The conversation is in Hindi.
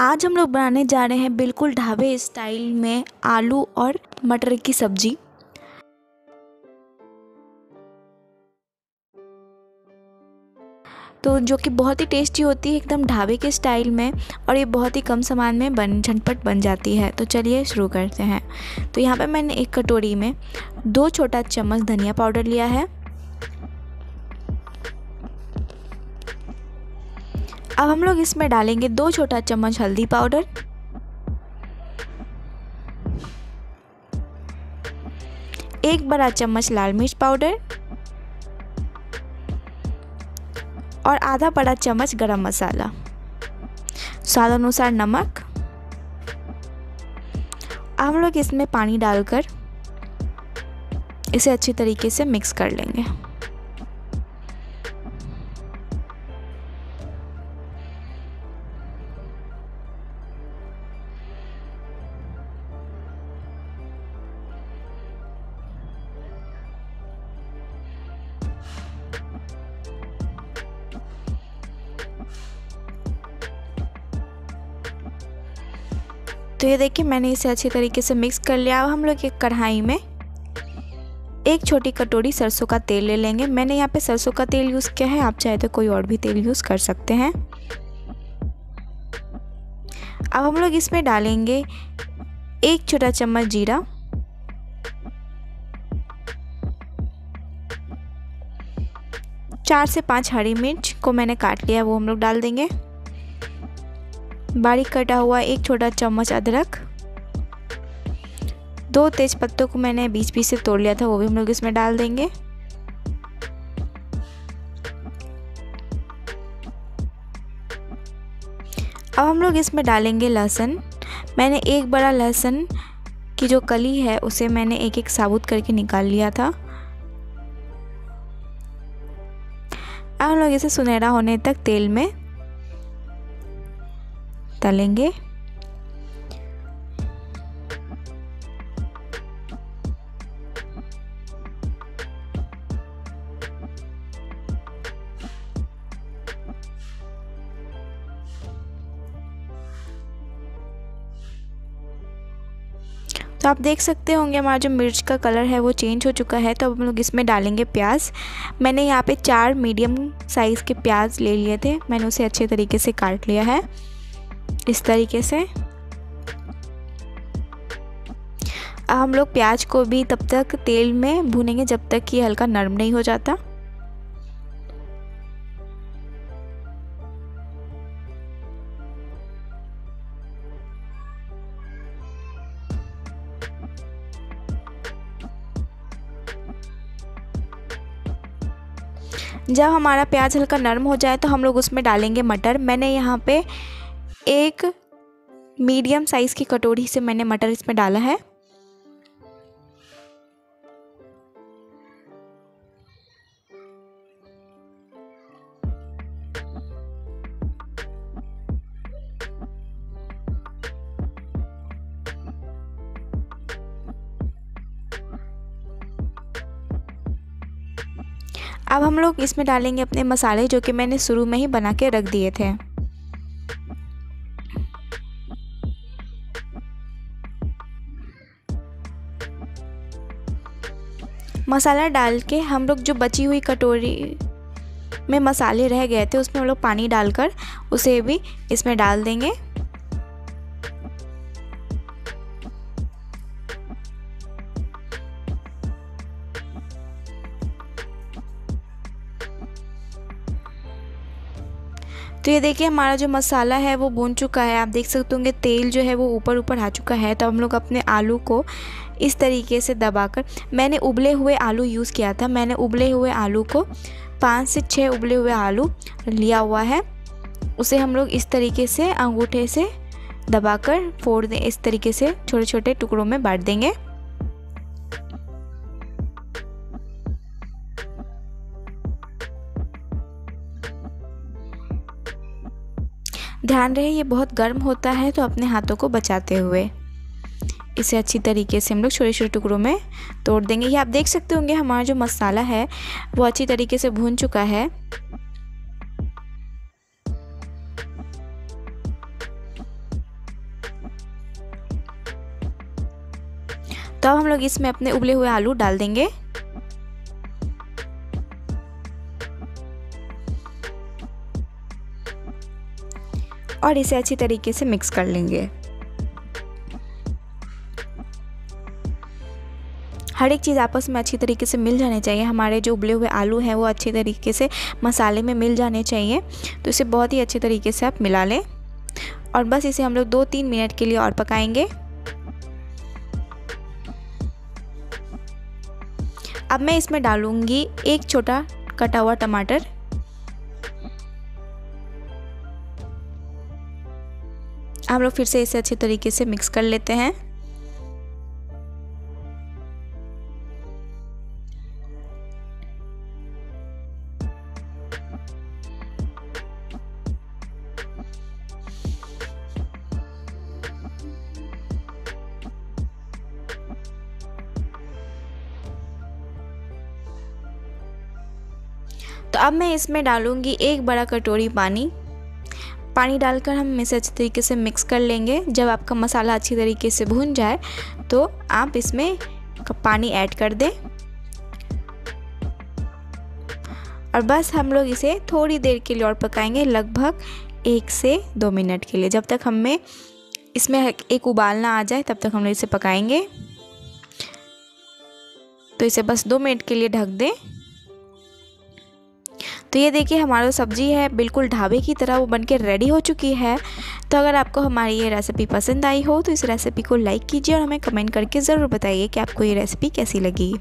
आज हम लोग बनाने जा रहे हैं बिल्कुल ढाबे स्टाइल में आलू और मटर की सब्ज़ी तो जो कि बहुत ही टेस्टी होती है एकदम ढाबे के स्टाइल में और ये बहुत ही कम सामान में बन झटपट बन जाती है तो चलिए शुरू करते हैं तो यहाँ पे मैंने एक कटोरी में दो छोटा चम्मच धनिया पाउडर लिया है अब हम लोग इसमें डालेंगे दो छोटा चम्मच हल्दी पाउडर एक बड़ा चम्मच लाल मिर्च पाउडर और आधा बड़ा चम्मच गरम मसाला स्वाद अनुसार नमक हम लोग इसमें पानी डालकर इसे अच्छी तरीके से मिक्स कर लेंगे तो ये देखिए मैंने इसे अच्छे तरीके से मिक्स कर लिया अब हम लोग एक कढ़ाई में एक छोटी कटोरी सरसों का तेल ले लेंगे मैंने यहाँ पे सरसों का तेल यूज़ किया है आप चाहे तो कोई और भी तेल यूज़ कर सकते हैं अब हम लोग इसमें डालेंगे एक छोटा चम्मच जीरा चार से पांच हरी मिर्च को मैंने काट लिया वो हम लोग डाल देंगे बारीक कटा हुआ एक छोटा चम्मच अदरक दो तेज पत्तों को मैंने बीच बीच से तोड़ लिया था वो भी हम लोग इसमें डाल देंगे अब हम लोग इसमें डालेंगे लहसुन मैंने एक बड़ा लहसुन की जो कली है उसे मैंने एक एक साबुत करके निकाल लिया था अब हम लोग इसे सुनहरा होने तक तेल में तलेंगे तो आप देख सकते होंगे हमारा जो मिर्च का कलर है वो चेंज हो चुका है तो अब हम लोग इसमें डालेंगे प्याज मैंने यहाँ पे चार मीडियम साइज़ के प्याज ले लिए थे मैंने उसे अच्छे तरीके से काट लिया है इस तरीके से हम लोग प्याज को भी तब तक तेल में भूनेंगे जब तक कि हल्का नरम नहीं हो जाता जब हमारा प्याज हल्का नरम हो जाए तो हम लोग उसमें डालेंगे मटर मैंने यहाँ पे एक मीडियम साइज़ की कटोरी से मैंने मटर इसमें डाला है अब हम लोग इसमें डालेंगे अपने मसाले जो कि मैंने शुरू में ही बना के रख दिए थे मसाला डाल के हम लोग जो बची हुई कटोरी में मसाले रह गए थे उसमें हम लोग पानी डालकर उसे भी इसमें डाल देंगे तो ये देखिए हमारा जो मसाला है वो बुन चुका है आप देख सकते होंगे तेल जो है वो ऊपर ऊपर आ चुका है तो हम लोग अपने आलू को इस तरीके से दबाकर मैंने उबले हुए आलू यूज़ किया था मैंने उबले हुए आलू को पाँच से छः उबले हुए आलू लिया हुआ है उसे हम लोग इस तरीके से अंगूठे से दबाकर फोड़ दें इस तरीके से छोटे छोटे टुकड़ों में बांट देंगे ध्यान रहे ये बहुत गर्म होता है तो अपने हाथों को बचाते हुए इसे अच्छी तरीके से हम लोग छोटे छोटे टुकड़ों में तोड़ देंगे ये आप देख सकते होंगे हमारा जो मसाला है वो अच्छी तरीके से भून चुका है तो अब हम लोग इसमें अपने उबले हुए आलू डाल देंगे और इसे अच्छी तरीके से मिक्स कर लेंगे हर एक चीज़ आपस में अच्छी तरीके से मिल जाने चाहिए हमारे जो उबले हुए आलू हैं वो अच्छे तरीके से मसाले में मिल जाने चाहिए तो इसे बहुत ही अच्छे तरीके से आप मिला लें और बस इसे हम लोग दो तीन मिनट के लिए और पकाएंगे अब मैं इसमें डालूंगी एक छोटा कटा हुआ टमाटर हम लोग फिर से इसे अच्छे तरीके से मिक्स कर लेते हैं तो अब मैं इसमें डालूंगी एक बड़ा कटोरी पानी पानी डालकर हम इसे अच्छी तरीके से मिक्स कर लेंगे जब आपका मसाला अच्छी तरीके से भून जाए तो आप इसमें पानी ऐड कर दें और बस हम लोग इसे थोड़ी देर के लिए और पकाएंगे लगभग एक से दो मिनट के लिए जब तक हमें इसमें एक उबालना आ जाए तब तक हम लोग इसे पकाएंगे तो इसे बस दो मिनट के लिए ढक दें तो ये देखिए हमारा सब्ज़ी है बिल्कुल ढाबे की तरह वो बन के रेडी हो चुकी है तो अगर आपको हमारी ये रेसिपी पसंद आई हो तो इस रेसिपी को लाइक कीजिए और हमें कमेंट करके ज़रूर बताइए कि आपको ये रेसिपी कैसी लगी